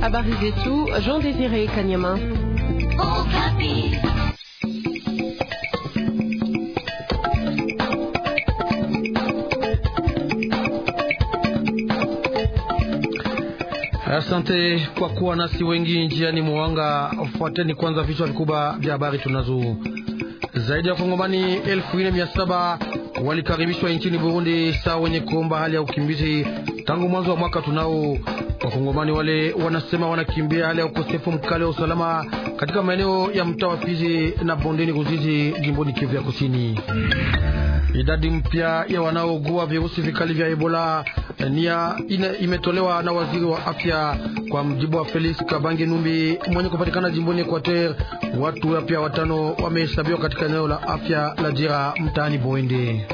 Habari zetu Jean Désiré Kanyama. Asante kwa kuwa nasi wengi njiani mwanga. Fuateni kwanza vichwa vikubwa vya habari tunazo. Zaidi ya wakongomani elfu nne mia saba walikaribishwa nchini Burundi sawa wenye kuomba hali ya ukimbizi Tangu mwanzo wa mwaka tunao wakongomani wale wanasema wanakimbia hali ya ukosefu mkali wa usalama katika maeneo ya mtaa wa Fizi na bondeni Ruzizi, jimboni Kivu ya Kusini. Idadi mpya ya wanaougua virusi vikali vya Ebola eh, nia imetolewa na waziri wa afya kwa mjibu wa Felix Kabange Numbi mwenye kupatikana jimboni Equateur. Watu wapya watano wamehesabiwa katika eneo la afya la Jira mtaani Boende.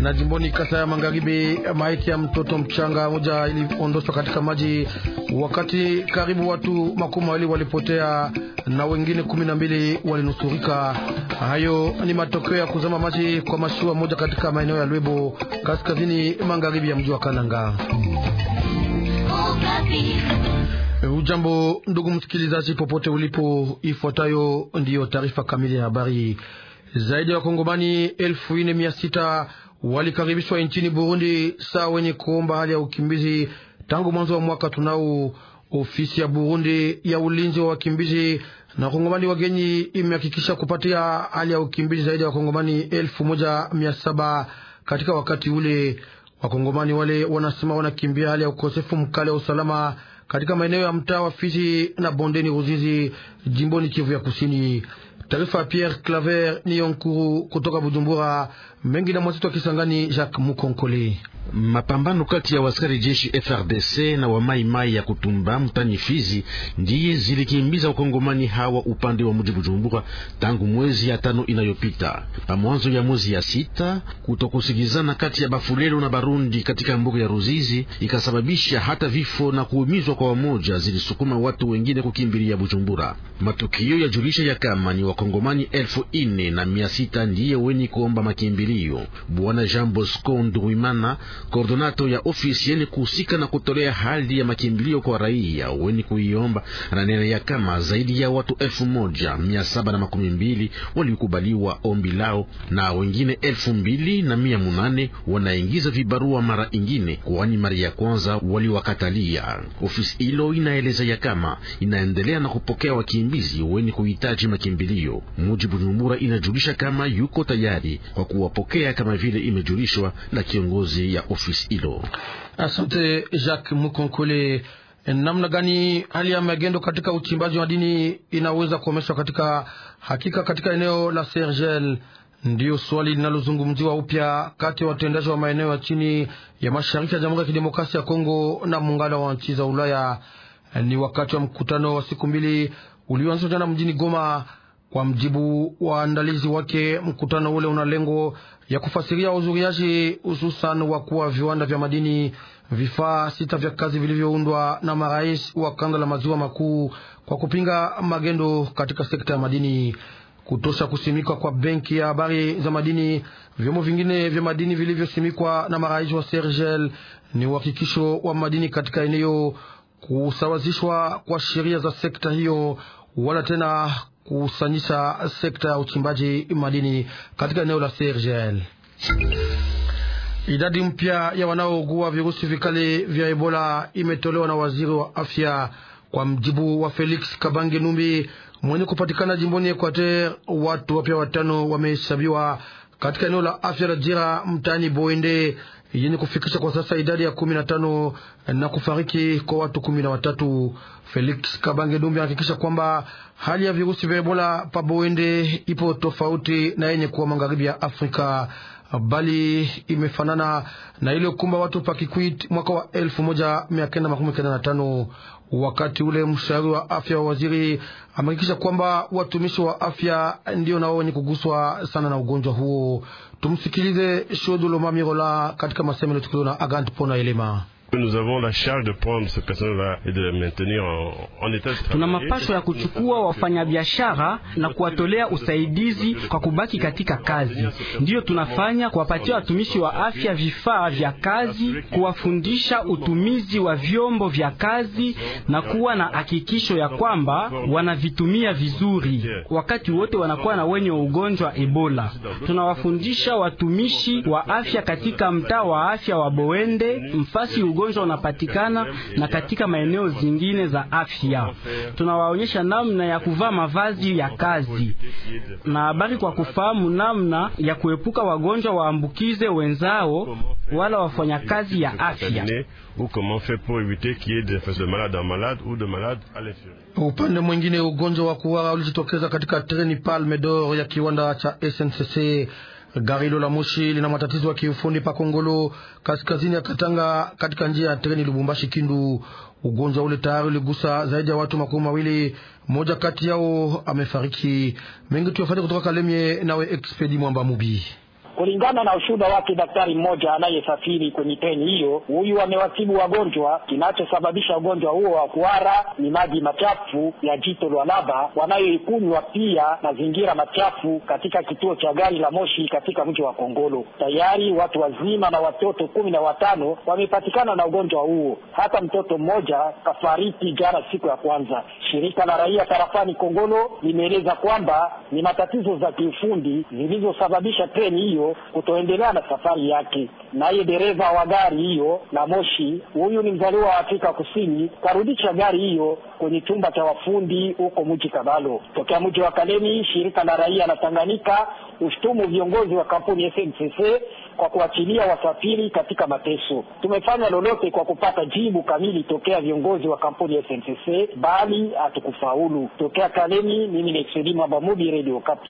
Na jimboni Kasa ya Magharibi, maiti ya mtoto mchanga moja iliondoshwa katika maji, wakati karibu watu makumi mawili walipotea na wengine kumi na mbili walinusurika. Hayo ni matokeo ya kuzama maji kwa mashua moja katika maeneo ya Lwebo, kaskazini magharibi ya mji wa Kananga. Ujambo ndugu msikilizaji, popote ulipo, ifuatayo ndiyo taarifa kamili ya habari. Zaidi ya wakongomani elfu nne mia sita walikaribishwa nchini Burundi saa wenye kuomba hali ya ukimbizi tangu mwanzo wa mwaka tunao. Ofisi ya Burundi ya ulinzi wa wakimbizi na wakongomani wageni imehakikisha kupatia hali ya ukimbizi zaidi ya wakongomani elfu moja mia saba katika wakati ule. Wakongomani wale wanasema wanakimbia hali ya ukosefu mkali wa usalama katika maeneo ya mtaa wa Fizi na bondeni Ruzizi, jimboni Kivu ya Kusini. Taarifa Pierre Claver Niyonkuru kutoka Bujumbura, mengi na mwazitu wa Kisangani Jacques Mukonkole. Mapambano kati ya waskari jeshi FRDC na wamaimai ya kutumba mtani Fizi ndiye zilikimbiza wakongomani hawa upande wa mji Bujumbura tangu mwezi ya tano inayopita. Pamwanzo ya mwezi ya sita, kutokusikizana kati ya Bafulelo na Barundi katika mbuga ya Ruzizi ikasababisha hata vifo na kuumizwa kwa wamoja, zilisukuma watu wengine kukimbilia Bujumbura. Matukio ya julisha ya kama ni wakongomani elfu ine na mia sita ndiye weni kuomba makimbilio. Bwana Jean Bosco Nduwimana Koordonato ya ofisi yeni kuhusika na kutolea hali ya makimbilio kwa raia weni kuiomba nanena ya kama zaidi ya watu elfu moja mia saba na makumi mbili walikubaliwa ombi lao na wengine elfu mbili na mia munane wanaingiza vibarua mara ingine, kwani mara ya kwanza waliwakatalia. Ofisi hilo inaeleza ya kama inaendelea na kupokea wakimbizi weni kuhitaji makimbilio. Muji Bujumbura inajulisha kama yuko tayari kwa kuwapokea kama vile imejulishwa na kiongozi ya ofisi hilo. Asante Jacques Mukonkole. Namna gani hali ya magendo katika uchimbaji wa dini inaweza kuomeshwa katika hakika katika eneo la Sergel? Ndiyo swali linalozungumziwa upya kati ya watendaji wa maeneo ya chini ya mashariki ya Jamhuri ya Kidemokrasia ya Kongo na muungano wa nchi za Ulaya. Ni wakati wa mkutano wa siku mbili ulioanzishwa jana mjini Goma kwa mjibu waandalizi wake, mkutano ule una lengo ya kufasiria uzuriaji hususan wa kuwa viwanda vya madini vifaa sita vya kazi vilivyoundwa na marais wa kanda la maziwa makuu kwa kupinga magendo katika sekta ya madini kutosha kusimikwa kwa benki ya habari za madini. Vyombo vingine vya madini vilivyosimikwa na marais wa Sergel ni uhakikisho wa madini katika eneo, kusawazishwa kwa sheria za sekta hiyo, wala tena kusanisha sekta ya uchimbaji madini katika eneo la CRGL. Idadi mpya ya wanaougua virusi vikali vya Ebola imetolewa na waziri wa afya. Kwa mjibu wa Felix Kabange Numbi mwenye kupatikana jimboni Equateur, watu wapya watano wamehesabiwa katika eneo la afya la Jira mtaani Boende yenye kufikisha kwa sasa idadi ya kumi na tano na kufariki kwa watu kumi na watatu. Felix Kabange Dumbi anahakikisha kwamba hali ya virusi vya Ebola pabowende ipo tofauti na yenye kuwa magharibi ya Afrika, bali imefanana na kumba watu Kikwit mwaka wa elfu moja mia kenda makumi kenda na tano. Wakati ule mshauri wa afya wa waziri amehakikisha kwamba watumishi wa afya ndio nao wenye kuguswa sana na ugonjwa huo. Tumsikilize Mamirola katika masemo yaliyochukuliwa na Agant Pona Elema. Nous avons la charge de prendre ce personnel-là et de le maintenir en, en état de Tuna mapasho ya kuchukua wafanyabiashara na kuwatolea usaidizi kwa kubaki katika kazi. Ndiyo tunafanya kuwapatia watumishi wa afya vifaa vya kazi, kuwafundisha utumizi wa vyombo vya kazi na kuwa na hakikisho ya kwamba wanavitumia vizuri. Wakati wote wanakuwa na wenye ugonjwa Ebola. Tunawafundisha watumishi wa afya katika mtaa wa afya wa Boende mfasi ugonjwa unapatikana na katika maeneo zingine za afya. Tunawaonyesha namna ya kuvaa mavazi ya kazi na habari kwa kufahamu namna ya kuepuka wagonjwa waambukize wenzao wala wafanyakazi ya afya. Upande mwingine, ugonjwa wa kuwara ulijitokeza katika treni Palme d'Or ya kiwanda cha SNCC. Gari hilo la moshi lina matatizo ya kiufundi pa Kongolo, kaskazini ya Katanga, katika njia ya treni Lubumbashi Kindu. Ugonjwa ule tayari uligusa zaidi ya watu makumi mawili, moja kati yao amefariki. Mengi tuyafanya kutoka Kalemie, nawe Expedi Mwamba Mubi. Kulingana na ushuhuda wake daktari mmoja anayesafiri kwenye treni hiyo, huyu amewatibu wagonjwa. Kinachosababisha ugonjwa huo wa kuhara ni maji machafu ya jito Lualaba wanayoikunywa, pia mazingira machafu katika kituo cha gari la moshi katika mji wa Kongolo. Tayari watu wazima na watoto kumi na watano wamepatikana na ugonjwa huo. Hata mtoto mmoja kafariki jana siku ya kwanza. Shirika la raia tarafani Kongolo limeeleza kwamba ni matatizo za kiufundi zilizosababisha treni hiyo kutoendelea na safari yake. Naye dereva wa gari hiyo la moshi, huyu ni mzaliwa wa Afrika Kusini, karudisha gari hiyo kwenye chumba cha wafundi huko mji Kabalo. Tokea mji wa Kalemi, shirika la raia la Tanganyika ushtumu viongozi wa kampuni SNCC kwa kuachilia wasafiri katika mateso. Tumefanya lolote kwa kupata jibu kamili tokea viongozi wa kampuni SNCC, bali hatukufaulu. Tokea Kalemi, mimi ni Selima Bamudi, Radio Okapi.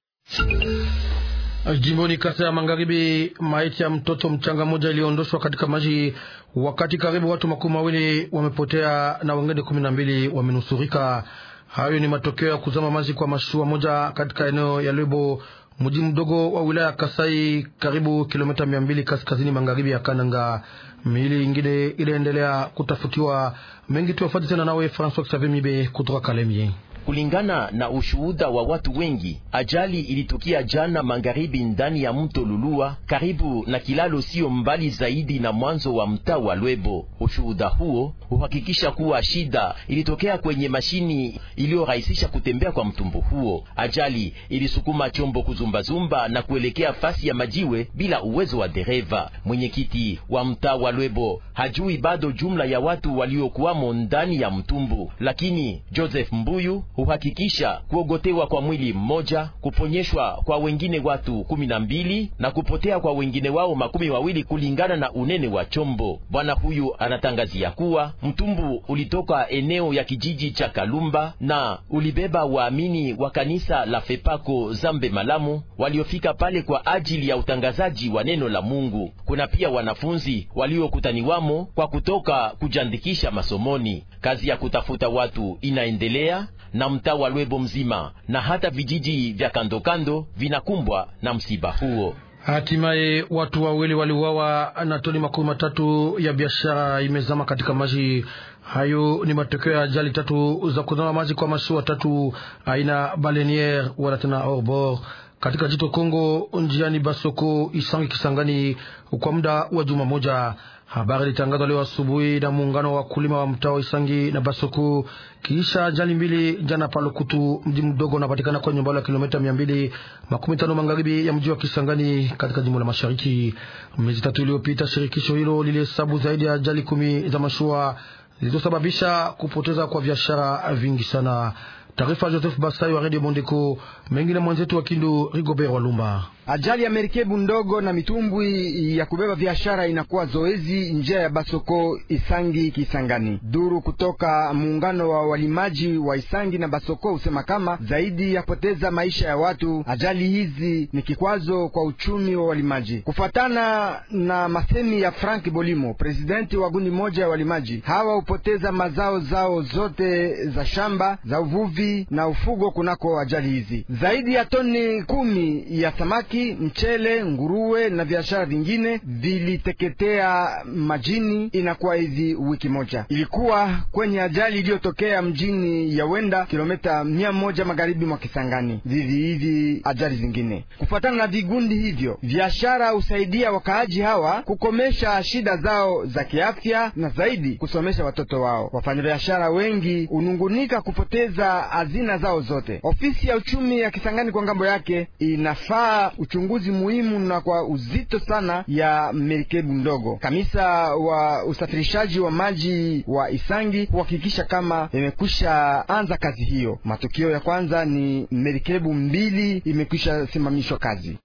Jimboni Kasa ya Magharibi, maiti ya mtoto mchanga mmoja iliondoshwa katika maji, wakati karibu watu makumi mawili wamepotea na wengine kumi na mbili wamenusurika. Hayo ni matokeo ya kuzama maji kwa mashua moja katika eneo ya Lwebo, mji mdogo wa wilaya ya Kasai, karibu kilomita mia mbili kaskazini magharibi ya Kananga. Miili ingine iliendelea kutafutiwa. Mengi tuyafati tena nawe Francois Xavier Mibe kutoka Kalemie. Kulingana na ushuhuda wa watu wengi, ajali ilitukia jana magharibi ndani ya mto Lulua karibu na kilalo sio mbali zaidi na mwanzo wa mtaa wa Lwebo. Ushuhuda huo huhakikisha kuwa shida ilitokea kwenye mashini iliyorahisisha kutembea kwa mtumbu huo. Ajali ilisukuma chombo kuzumbazumba na kuelekea fasi ya majiwe bila uwezo wa dereva. Mwenyekiti wa mtaa wa Lwebo hajui bado jumla ya watu waliokuwamo ndani ya mtumbu, lakini Joseph Mbuyu huhakikisha kuogotewa kwa mwili mmoja, kuponyeshwa kwa wengine watu kumi na mbili na kupotea kwa wengine wao makumi wawili kulingana na unene wa chombo. Bwana huyu anatangazia kuwa mtumbu ulitoka eneo ya kijiji cha Kalumba na ulibeba waamini wa kanisa la Fepako Zambe Malamu waliofika pale kwa ajili ya utangazaji wa neno la Mungu. Kuna pia wanafunzi waliokutaniwamo kwa kutoka kujandikisha masomoni. Kazi ya kutafuta watu inaendelea na mtaa wa Lwebo mzima na hata vijiji vya kandokando vinakumbwa na msiba huo. Hatimaye watu wawili waliuawa na toni makumi matatu ya biashara imezama katika maji. Hayo ni matokeo ya ajali tatu za kuzama maji kwa mashua tatu aina baleniere wala tena orbor katika jito Kongo, njiani Basoko Isangi Kisangani, kwa muda wa juma moja. Habari ilitangazwa leo asubuhi na muungano wa wakulima wa mtaa wa Isangi na Basuku kisha ajali mbili jana Palukutu, mji mdogo unapatikana kwenye umbali wa kilomita mia mbili makumi tano magharibi ya mji wa Kisangani katika jimbo la Mashariki. Miezi tatu iliyopita, shirikisho hilo lilihesabu zaidi ya ajali kumi za mashua zilizosababisha kupoteza kwa biashara vingi sana. Taarifa ya Joseph Basai wa Radio Mondeko, mengine mwenzetu wa Kindu Rigobert Walumba. Ajali ya merikebu ndogo na mitumbwi ya kubeba biashara inakuwa zoezi njia ya Basoko Isangi Kisangani. Duru kutoka muungano wa walimaji wa Isangi na Basoko husema kama zaidi ya kupoteza maisha ya watu, ajali hizi ni kikwazo kwa uchumi wa walimaji. Kufuatana na masemi ya Frank Bolimo, presidenti wa gundi moja ya walimaji, hawa hupoteza mazao zao zote za shamba, za uvuvi na ufugo kunako ajali hizi. Zaidi ya toni kumi ya samaki samaki, mchele, nguruwe na biashara vingine viliteketea majini. Inakuwa hivi wiki moja ilikuwa kwenye ajali iliyotokea mjini Wenda, kilomita mia moja magharibi mwa Kisangani. Vivi hivi ajali zingine kufuatana na vigundi hivyo. Biashara husaidia wakaaji hawa kukomesha shida zao za kiafya na zaidi kusomesha watoto wao. Wafanyabiashara wengi hunungunika kupoteza hazina zao zote. Ofisi ya uchumi ya Kisangani kwa ngambo yake inafaa uchunguzi muhimu na kwa uzito sana ya merikebu ndogo. Kamisa wa usafirishaji wa maji wa Isangi kuhakikisha kama imekwisha anza kazi hiyo. Matukio ya kwanza ni merikebu mbili imekwisha simamishwa kazi.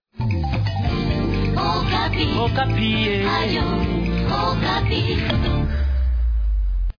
Okapi. Okapi. Eh. Ayo. Okapi.